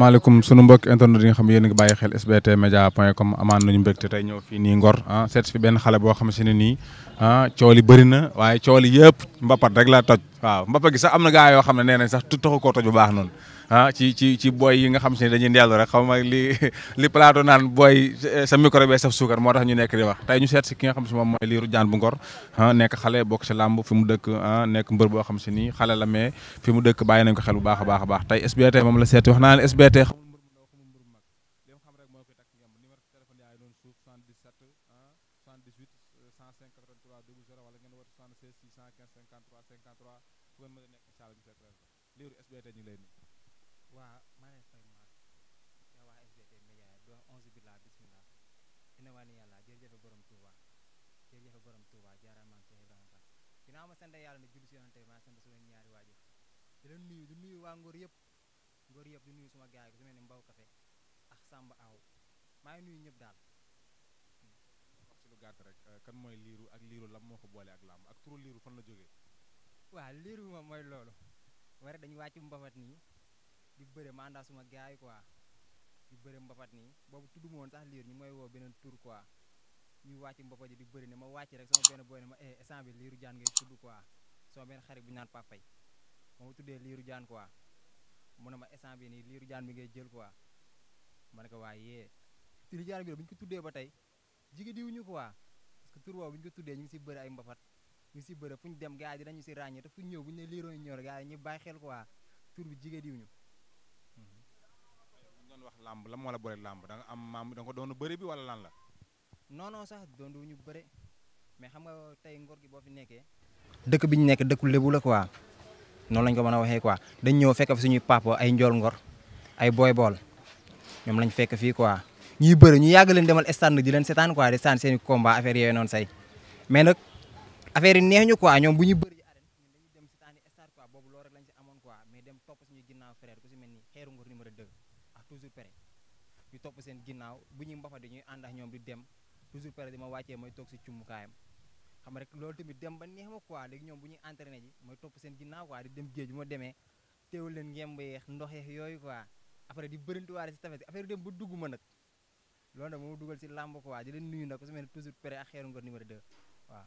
asalaamaaleykum sunu mbokk internet yi nga xam ne yéen a ngi bàyyi xel sbt média point com amaan nañu mbégte tey ñëw fii nii Ngor ah seet fi benn xale boo xam si ne nii ah cool yi bëri na waaye cool yi yëpp mbapat rek la toj waaw mbapat gi sax am na gaa yoo xam ne nee nañ sax taxu koo toj bu baax noonu ah ci ci ci booy yi nga xam si ne dañuy ndellu rek xaw ma li li naan booy eh, sa micro bee saf suukar moo tax ñu nekk di wax tey ñu seet si ki nga xam si moom mooy Lirou Diane bu Ngor ah nekk xale bokk si làmb fi mu dëkk ah nekk mbër boo xam si nii xale la mais fi mu dëkk bàyyi nañ ko xel bu baax a baax a baax tey SBT moom la seeti wax naa ne jërëjëf borom Touba jaaraamaam Cheikh Ibrahima Fall ginnaaw ma sant yàlla ne julli si yonante maa sant suma ñaari waajur di leen nuyu di nuyu waa Ngor yëpp Ngor yëpp di nuyu suma gaay euh, kan mooy liiru ak liiru moo ko boole ak lam ak turu liiru fan la jógee waaw liiru moom mooy loolu wara dañu wàcc mbapat nii di bëre ma àndaa suma gaay quoi di bëre mbapat nii boobu tudd sax liir ñu mooy woo beneen tur quoi ñu wàcc mboppa ji di bëri ne ma wàcc rek sama benn boy ne ma eh instant bi liiru jaan ngay tudd quoi sama benn xarit bu ñaan papay ma ma tuddee liiru jaan quoi mu ne ma instant bi nii liiru jaan bi ngay jël quoi ma ne ko waaye yee liiru bu ñu ko tuddee ba tey jigi diwuñu quoi parce bu ñu ko tuddee ñu ngi si bëri ay mbapat ñu si bëri fu ñu dem gars yi dinañu si ràññee te fu ñu ñëw bu ñu liiroo ñu ñor gars yi bàyyi xel quoi tur bi jigéen diwuñu mhm. doon wax làmb la moo la boole làmb da am maam da nga ko doon bëri bi wala lan la non non sax doondu ñu bëre mais xam nga tey ngor gi boo fi nekkee. dëkk bi ñu nekk dëkku lébu la quoi noonu lañ ko mën a waxee quoi dañ ñëw fekk fi suñuy papa ay njool ngor ay boy bool ñoom lañ fekk fii quoi ñuy bëre ñu yàgg leen demal stand di leen seetaan quoi di seetaan seen i combat affaire yooyu noonu say mais nag affaire neex ñu quoi ñoom bu ñu bëri ci arène ñun dañuy dem seetaan i stade boobu loolu rek lañ si amoon quoi mais dem topp suñu ginnaaw frère ku si mel ni xeeru ngor numéro ñu topp seen ginnaaw bu ñu mbafa di ñuy ànd ak ñoom di dem toujours pare di ma wàccee may toog si cumukaayam xam rek loolu tamit dem ba neex ma quoi léegi ñoom bu ñu entraîné ji may topp seen ginnaaw quoi di dem géej bu ma demee teewul leen ngemb yeex ndox yeex yooyu quoi après di bërintuwaale si tafes affaire dem ba dugg ma nag loolu nag moo dugal si làmb quoi di leen nuyu nag ku si mel ne toujours pare ak Xeeru Ngor numéro 2 waaw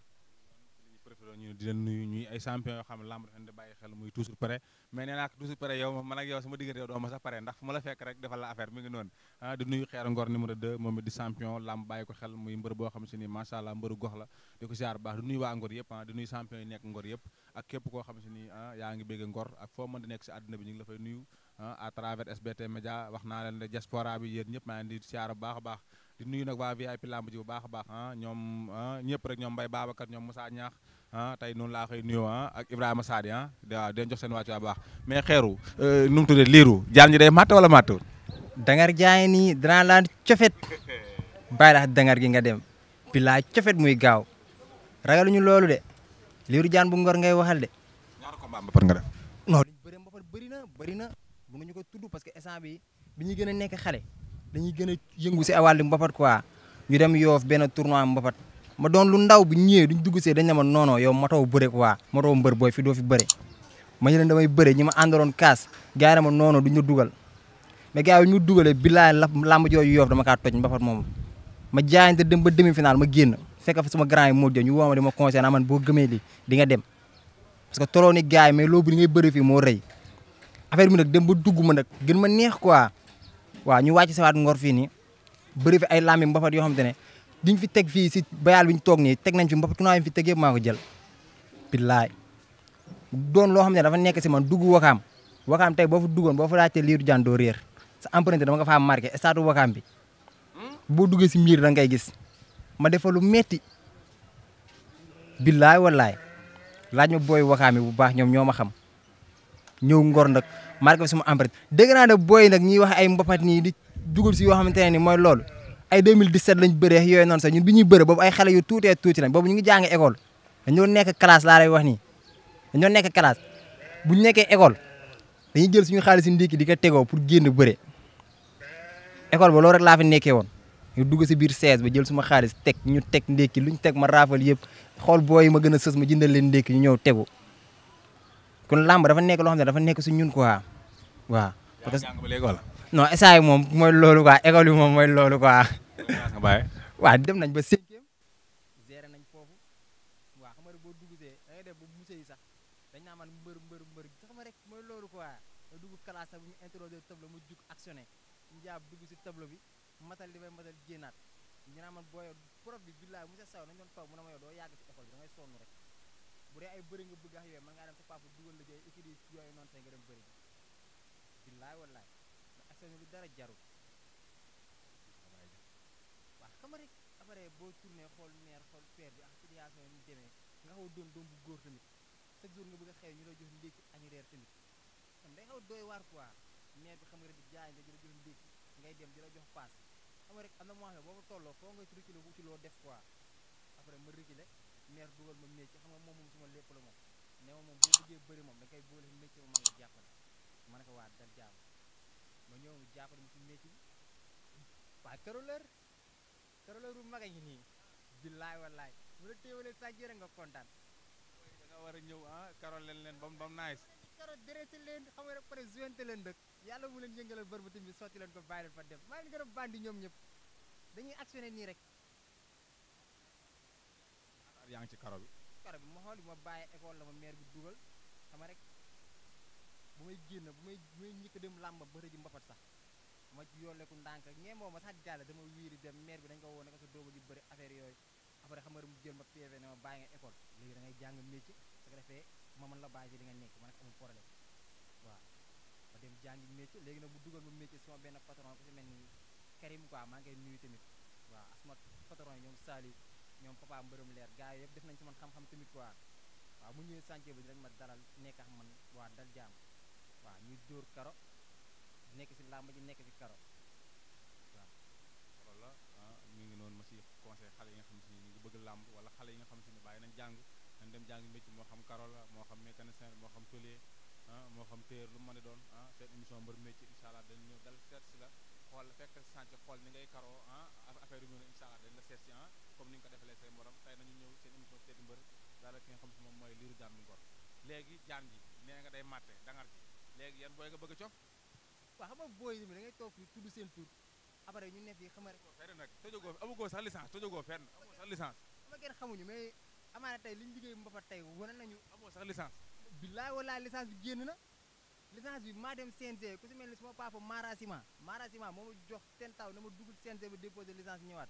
profité ñu di leen nuyu ñuy ay champion yoo xam lamb di bàyyi xel muy toujours pare mais nee naa ko toujours pare yow man ak yow sama diggante yow sax pare ndax fu ma la fekk rek defal la affaire mi ngi noonu ah, di nuyu xeer ngor numéro 2 moom it di champion lamb bàyyi ko xel muy mbër boo xam si ni macha allah mbëru gox la di ko ziar baax di nuyu waa ngor yëpp ah, di nuyu champion yi nekk ngor yëpp ak képp koo xam si ni ah yaa ngi bégg ngor ak foo mën Ah, à travers SBT Média wax naa leen ne diaspora bi yéen ñëpp maa ngi leen di siyaar bu baax a baax di nuyu nag waa VIP lamb ji bu baax a baax ah, ñoom ah, ñëpp rek ñoom Mbaye Babacar ñoom Moussa Niakh tey noonu laa koy nuyoo ak Ibrahima Sadi ah waaw di leen jox seen wàccuwaay bu baax mais xeeru euh, nu mu tuddee liiru jaan ñi day màtt wala màttul. dangar jaay nii danaa laa cofet bàyyi la dangar gi nga dem bi laa cofet muy gaaw ragaluñu loolu de liiru jaan bu ngor ngay waxal de. ñaar combat ba nga def. non bëri na bëri bu nga ñu ko tudd parce que instant bi bi ñuy gën a nekk xale dañuy gën a yëngu si wàllu mbapat quoi ñu dem yoof benn tournoi mbapat ma doon lu ndaw bi ñëwee duñ dugg see dañ ne ma noono yow matoo bëre quoi matoo mbër booy fi doo fi ma ñu leen damay bëre ñi ma àndaloon kaas gars yi ma noono duñ la dugal mais gars yi ñu dugalee billaay làmb jooju yoof dama kaa toj mbapat moom ma jaayante dem ba demi final ma génn fekk fa sama grand yi moo jëm ma di ma conseillé naa man boo gëmee li di nga dem parce que toloo ni gars yi mais loo bu li ngay fii moo rëy affaire bi nag dem ba dugg ma nag gën ma neex quoi waaw ñu wàcc sawaat ngor fii nii bëri fi ay laami mbapat yoo xamante ne diñ fi teg fii si bayaal bi ñu toog nii teg nañ fi mbapat tunaa yi fi teg yëpp maa ko jël billaay doon loo xam ne dafa nekk si man dugg wakaam wakaam tey boo fa duggoon boo fa laajtee liiru jaan doo réer sa empreinte dama nga faa marqué stade wakaam bi boo duggee si miir da ngay gis ma defa lu metti billaay laaj ma booy wakaam yi bu baax ñoom ñoo ma xam ñëw ngor nag marqué suma empreinte dégg naa ne booy nag ñuy wax ay mbapat nii di dugal si yoo xamante ne ni mooy loolu ay 2017 lañ bëree yooyu noonu sax ñun bi ñuy bëre boobu ay xale yu tuutee tuuti lañ boobu ñu ngi jàng école dañoo nekk classe laa lay wax nii dañoo nekk classe buñ nekkee école dañuy jël suñu xaalis si ndékki di ko tegoo pour génn bëre école ba loolu rek laa fi nekkee woon ñu dugg si biir 16 ba jël suma xaalis teg ñu teg ndékki luñ teg ma raafal yëpp xool booy ma gën a sës ma jëndal ñu ñëw tegu kon làmb dafa nekk loo xam ne dafa nekk su ñun quoi waaw. parce que non essai moom mooy loolu quoi école yi moom mooy loolu quoi. waaw dem nañ ba cinquième géré nañ foofu waaw xam nga boo duggusee da ngay def ba musée yi sax dañ naa man mbër mbër mbër sax ma rek mooy loolu quoi nga dugg classe sax bu ñu mu jug actionné ñu jaab dugg si tableau bi bi billaay monsieur Sow nañ doon toog mu ma yow doo yàgg si école bi da ngay sonn rek bu dee ay bëri nga bëgg ax yooyu man ngaa dem sa papa dugal la jooy études yi yooyu noonu say nga dem bëri billaay wallaay mais askan lu dara jarul waaw xam rek boo tourné xool meer xool père bi ak situation yi ñu demee nga xaw doon góor tamit chaque jour nga bëgg a xew la jox ndékki añ reer tamit kon xaw doy waar quoi meer bi xam nga di jaay nga di la jox ngay dem di la jox paas xam nga rek am na moo xam ne boo ko tolloo foo nga reculer wu ci loo def quoi après ma reculer maire dugal ma métier xam nga moom moom suma lépp la moom ne ma moom boo bëggee bëri moom da koy boole métier ma man la jàppale ma ne ko waa dal jàmm ma ñëw mu ma si métier bi waa këroleur këroleur bu mag a nii billaay wallaay mu la téewale sa jëre nga kontaan da war a ñëw ah karol leen leen bam bam nice karol dressé leen xam nga rek pare jointe leen dëkk yàlla mu leen yëngalal bërbatim bi sotti leen ko bàyyi leen def maa leen gën a bandi ñoom ñëpp dañuy actionné nii rek yaa ngi ci karo bi karo bi ma xool bi ma bàyyi école la ma maire bi dugal xama rek bu may génn bu may bu may njëkk dem làmba bëri ji mbapat sax ma yolleeku ndànk ñee moom ma sax jàll dama wiiri dem maire bi dañ ko woo ne ko sa dooba ji bëri affaire yooyu après xam nga mu jël ma PV ne ma bàyyi nga école léegi da ngay jàng métier su ko defee ma mën la bàyyi ci li nga nekk ma nekk amul problème waaw ma dem jàngi métier léegi nag mu dugal ma métier sama benn patron ku si mel ni Karim quoi maa ngi koy nuyu tamit waaw asma patron yi ñoom Saliou ñoom papa mbërëm leer gars yi yëpp def nañ si man xam-xam tamit quoi waaw mu ñëwee chantier bi rek ma dalal nekk ak man waa dal jaam waaw ñuy dóor karo nekk si làmb ji nekk si karo waaw loolu la ah, ñu ngi noonu ma si conseil xale yi nga xam si ñu ngi bëgg làmb wala xale yi nga xam si ne bàyyi nañ jàng nañ dem jàng métier moo xam karo la moo xam mécanicien moo xam tôlier ah, moo xam téer lu mën a doon ah seen émission mbër métier incha allah dañ ñëw dal seet si la xool fekk chantier xool ni ngay karo ah affaire yu mel ne incha allah dañ comme ni nga ko defalee say morom tey nañu ñëw seen émission seeti mbër daala ki nga xam si moom mooy liiru jaan ngor léegi jaan ji nee nga day màtte dangar ji léegi yan booy nga bëgg a cof waaw xam nga booy yi da ngay toog fii tudd seen tur après ñu ne fii xam nga rek fenn nag tojogoo amugoo sax licence tojogoo fenn amoo sax licence ama kenn xamuñu mais amaana tey liñ liggéey mba fa tey wane nañu amoo sax licence billaay wala licence bi génn na licence bi maa dem CNG ku si mel ni suma papa Mara Sima Mara Sima moo ma jox ten taw na ma dugal CNG ba déposé licence ñëwaat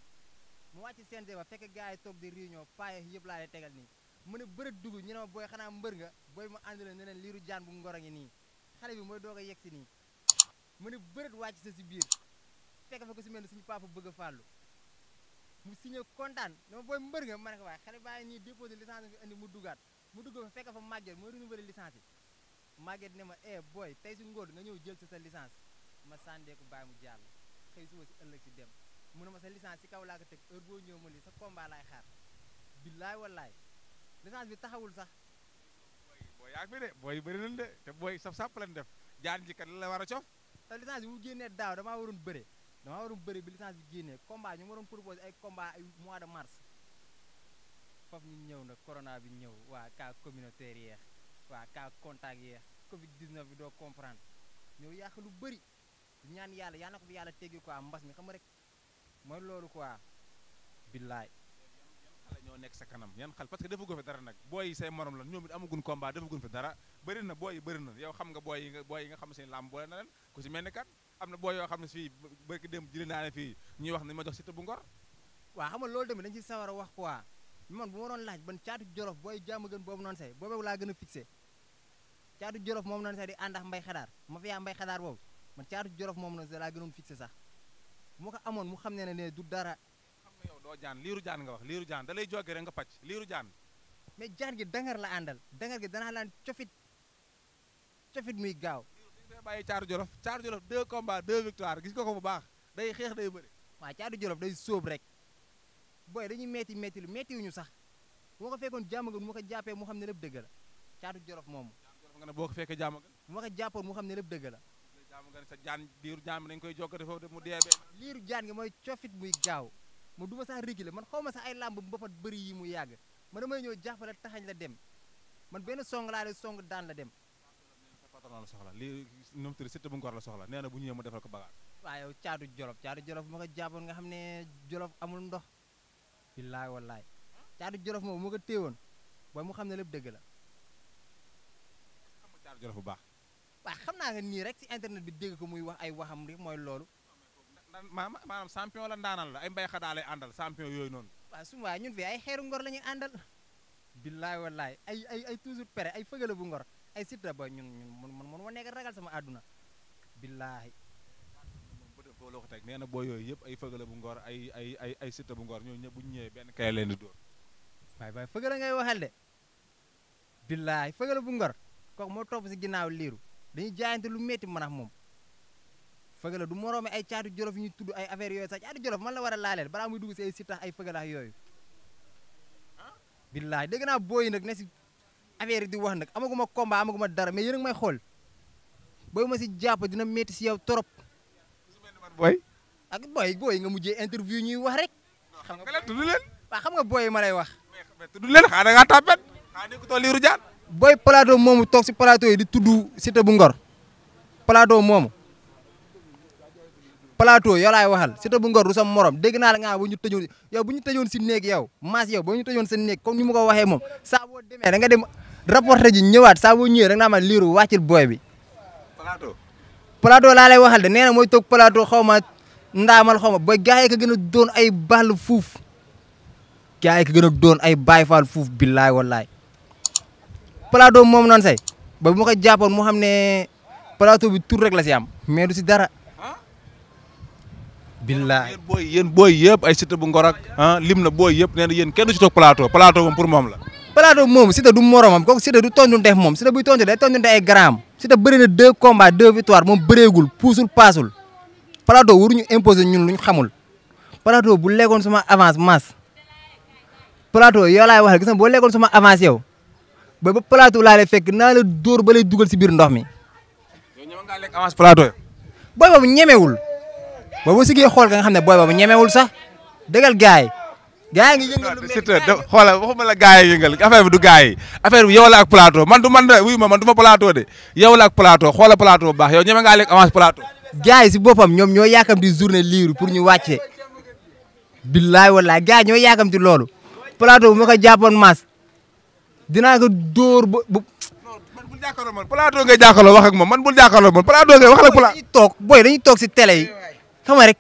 mu wàcc CNG ba fekk gars yi toog di réunion paaye yëpp laa lay tegal nii mu ne bërët dugg ñu ne ma booy xanaa mbër nga booy mu ànd la ne leen liiru jaan bu ngoro ngi nii xale bi mooy doog a yegg si nii mu ne bërët wàcc sa si biir fekk fa ko si mel ne suñu papa bëgg a fàllu mu signé kontaan ne ma booy mbër nga ma ne ko waaye xale baa nii nii déposé licence bi andi mu dugaat mu dugg fa fekk fa moo mooy renouvelé licence yi màgget ne ma eh booy tey si ngóor nga ñëw jël si sa licence ma ko bàyyi mu jàll xëy suba si ëllëg si dem mu ne ma sa licence ci kaw laa ko teg heure boo ñëw ma ni sa combat laay xaar billaay wallaay licence bi taxawul sax. booy yaa fi de booy bëri nañ de te booy saf sàpp lañ def jaan ji kat la war a cof. te licence bi bu génnee daaw damaa waroon bëre damaa waroon bëre bi licence bi génnee combat ñu ma doon proposé ay combat ay mois de mars foofu ñu ñëw nag corona bi ñëw waa cas communautaire yeex waa cas contact yeex Covid 19 bi doo comprendre ñëw yàq lu bëri ñaan yàlla yàlla na ko fi yàlla teggi quoi mbas mi xam nga rek. mooy loolu quoi. billaay. xale ñoo nekk sa kanam yan xal parce que defaguñ fi dara nag booy yi morom la ñoom it amaguñ combat defaguñ dara bëri na booy bëri na yow xam nga booy yi nga booy yi nga xam seen làmb boole na leen ku si mel ni kat am na booy yoo xam ne fii barki démb jëlee naa ne fii ñuy wax ne ma jox Siteu bu Ngor. waa xam nga loolu tamit dañ ci sawar wax quoi man bu ma doon laaj ban caatu jorof booy jàmm gën boobu noonu say boobu laa gën a fixé caatu jorof moom noonu say di ànd ak mbay xadaar ma fi mbay xadaar boobu man caatu jorof moom noonu say laa gënoon fixé sax bu ko amoon mu xam ne ne du dara. yow doo jaan liiru jaan nga wax liiru jaan da lay jóge rek nga pàcc liiru jaan. mais jaan gi dangar la àndal dangar gi danaa laan cofit cofit muy gaaw. liiru bàyyi Caaru Jolof Caaru Jolof deux combats deux victoires gis nga ko bu baax day xeex day bëri. waaw Caaru Jolof day soob rek booy dañuy metti metti lu metti ñu sax bu ma ko fekkoon jàmm nga mu ko jàppee mu xam ne lépp dëgg la Caaru Jolof moomu. Caaru Jolof nga ne boo ko fekkee jàmm nga. bu moo ko jàppoon mu xam ne lépp dëgg la. xam nga ne sa jaan liiru koy jokk dafa mu dee liiru jaan gi mooy cofit muy gaaw ma du ma sax réguler man xaw ma sax ay làmb mbapat bëri yi mu yàgg ma damay ñëw jàppale taxañ la dem man benn song laa lay daan la dem patron la soxla lii nu mu tudd bu Ngor la soxla nee na bu ñëwee mu defal ko bagage waaw yow caatu jolof caatu jolof ma ko jàppoon nga xam ne jolof amul ndox billaay wallaay caatu jolof moom ma ko woon ba mu xam ne lépp dëgg la xam bu baax waaw xam naa nga nii rek si internet bi dégg ko muy wax ay waxam rek mooy loolu. maanaam champion la ndaanal la ay mbay xadaa lay àndal champion yooyu noonu. waaw su ay xeeru ngor la ñuy àndal. billaay wallaay ay ay ay toujours pere ay fëgale bu ngor ay sita ba ñun man man nekk ragal sama àdduna. billaay. loo ko na boo yooyu yëpp ay fëgale bu ngor ay ay ay ay sita bu ngor ñooñu bu ñu ñëwee benn kay leen di dóor. waay waay fëgale ngay waxal de. bu ngor kooku moo topp si ginnaaw liiru. dañuy jaayante lu metti man ak moom fëgala du moroome ay caatu jolof yi ñu tudd ay affaire yooyu sax caatu jolof man la war a laaleel balaa muy dugg si ay sitax ay fëgalax yooyu billaay dégg naa booyi nag ne si affaire yi di wax nag amaguma combat amaguma dara mais yéen a ngi ma si jàpp dina metti yow trop booy booy nga mujjee interview ñuy wax rek xam nga leen tudd leen waaw xam nga booy ma wax tudd leen xaa booy plateau moomu toog si plateau yi di tudd Siteu bu Ngor plateau moomu plateau yow laay waxal Siteu bu Ngor du sa morom dégg naa la nga bu ñu tëjoon yow bu ñu tëjoon si néeg yow maas yow ba ñu tëjoon sa néeg comme ni ma ko waxee moom saa boo demee da nga dem rapporté ji ñëwaat saa boo ñëwee da ama naa ma liiru wàccil booy bi. plateau plateau laa lay waxal de nee na mooy toog plateau xaw ma ndaamal xaw ma ba gars yi ka gën a doon ay ball fuuf gars yi ka gën a doon ay baay faal fuuf billaay plateau moom noonu say ba bu ma ko jàppoon mu xam ne plateau bi tur rek la si am mais du si dara. billaay yéen booy yéen booy yëpp ay Siteu bu ngor ak ah lim na booy yëpp nee na yéen kenn du si toog plateau plateau moom pour moom la. plateau moom Siteu du moromam kooku Siteu du tontunteef moom Siteu buy tontu day tontunte ay grammes Siteu bëri na deux combats deux victoires moom bëreegul puusul paasul plateau waruñu imposer ñun luñ xamul plateau bu lekkoon sama avance masse plateau yow laay wax gis nga boo lekkoon sama avance yow. ba ba plateau laa lay fekk naa la dóor ba lay dugal si biir ndox mi. yow ñeme ngaa lekk avance plateau yi. ba bu sigee xool ka nga xam ne booy boobu ñemewul sax dëggal gaay gaay ngi yëngal lu mel xoolal la gaay yëngal affaire bi du gaay yi affaire yow la ak man du man de wuyu ma man du ma plateau de yow la ak plateau xoola plateau bu baax yow ñeme ngaa lekk avance plateau. gaay si boppam ñoom ñoo yaakam di journée libre pour ñu wàcce billaay wallaay gaay ñoo yaakam di loolu dinaa ko dóor ba ba. man bul jàkkaarloo man plateau ngay jàkkaarloo wax ak moom man bul jàkkaarloo man plateau ngay wax ak plateau. dañuy toog booy dañuy toog si télé yi xam nga rek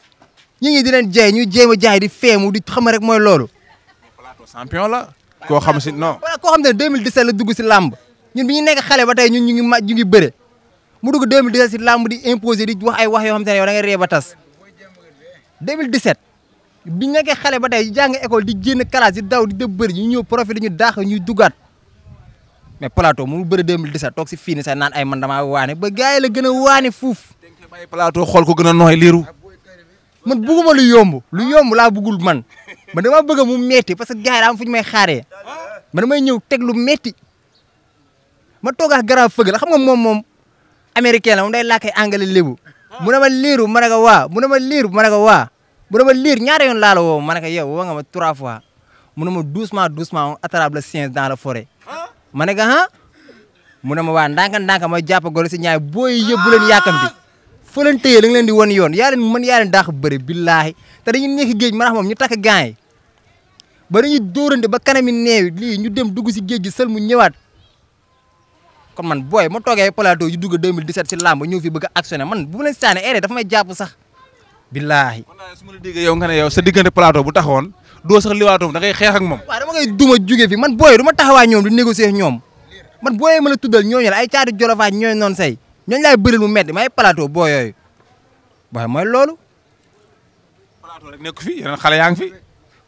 ñu ngi di leen jaay ñu jéem a jaay di feemu di xam rek mooy loolu. plateau champion la. koo xam si non. koo xam ne 2017 la dugg si làmb ñun bi ñu nekk xale ba tey ñun ñu ngi ma ñu ngi bëre mu dugg 2017 si làmb di imposer di wax ay wax yoo xam te ne yow da nga ree ba tas 2017 bi ñu nekkee xale ba tey jàng école di génn classe di daw di dëb bëri ñu ñëw profil ñu daax ñuy dugaat mais plateau mu bëri 2017 toog si fii ni sax naan ay man damaa ba gars la gën a waane fuuf. bàyyi plateau xool ko gën a nooy liiru. man lu yomb lu yomb laa bëggul man man damaa bëgg mu metti parce que gars daa am fu ñu may xaaree man damay ñëw teg lu metti ma toog ak garab fëgg la xam nga la moom day làkkee anglais lébu mu ne ma liiru ma ne ko waa mu ne ma liir ma ne ko ma liir ñaari yoon laa la woo ma ne ko yow woo nga ma trois fois mu ne ma doucement doucement ma ne ko ah mu ne ma waan ndànk-ndànk ma jàpp golo si ñaay booy yëpp bu leen yàkkamti fa leen tëyee la nga leen di won yoon yaa man mën yaa leen dàq bëri billaahi te dañu nekk géej manax moom ñu takk gants yi ba dañuy dóorante ba kanami neewi lii ñu dem dugg si géej gi sël mu ñëwaat kon man booy ma toogee plateau yu dugg 2017 si làmb ñëw fi bëgg a actionné man bo ma leen saane erreur eh, dafa may jàpp sax billaahi. man su ma la déggee yow nga ne yow sa diggante plateau bu taxawoon doo sax liwaatoo da ngay xeex ak moom waaw dama ngay duma jóge fi man booy du ma taxawaa ñoom di négocier ak ñoom man booyee ma la tuddal ñooñu la ay caati jolofaa ñooy noonu say ñooñu laay bëril mu metti may plateau boo loolu plateau rek nekk fi yeneen xale yaa fi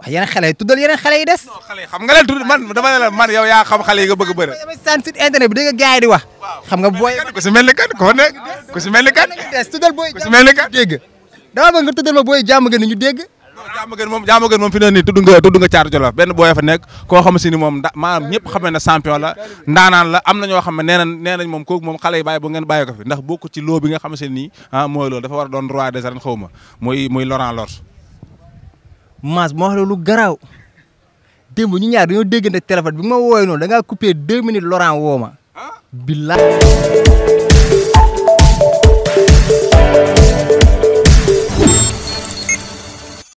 waaw yeneen xale yi tuddal yeneen yi des xale yi xam nga leen tudd man dama ne yow yaa xam xale yi nga bëgg bëri seen site internet bi dégg nga gars yi di wax xam nga booy ku mel ni ku si mel ni kat des tuddal booy dégg dama bëgg nga tuddal ma booy jàmm gën ñu dégg jaama gën moom jaama gën moom fi ne nii tudd nga tudd nga caatu jolof benn booy fa nekk koo xam moom da maanaam ñëpp xam ne champion la ndaanaan la am na ñoo xam ne nee nañ nee moom kooku moom xale yi bàyyi ngeen bàyyi ko fi ndax bokk ci loo bi nga xam si ah, mooy loolu dafa war a doon roi des arènes xaw ma muy muy Laurent Lors wax la lu garaaw démb ñu ñaar dañoo déggante téléphone bi ma wooy noonu da ngaa coupé deux minutes Laurent woo ma ah. billaa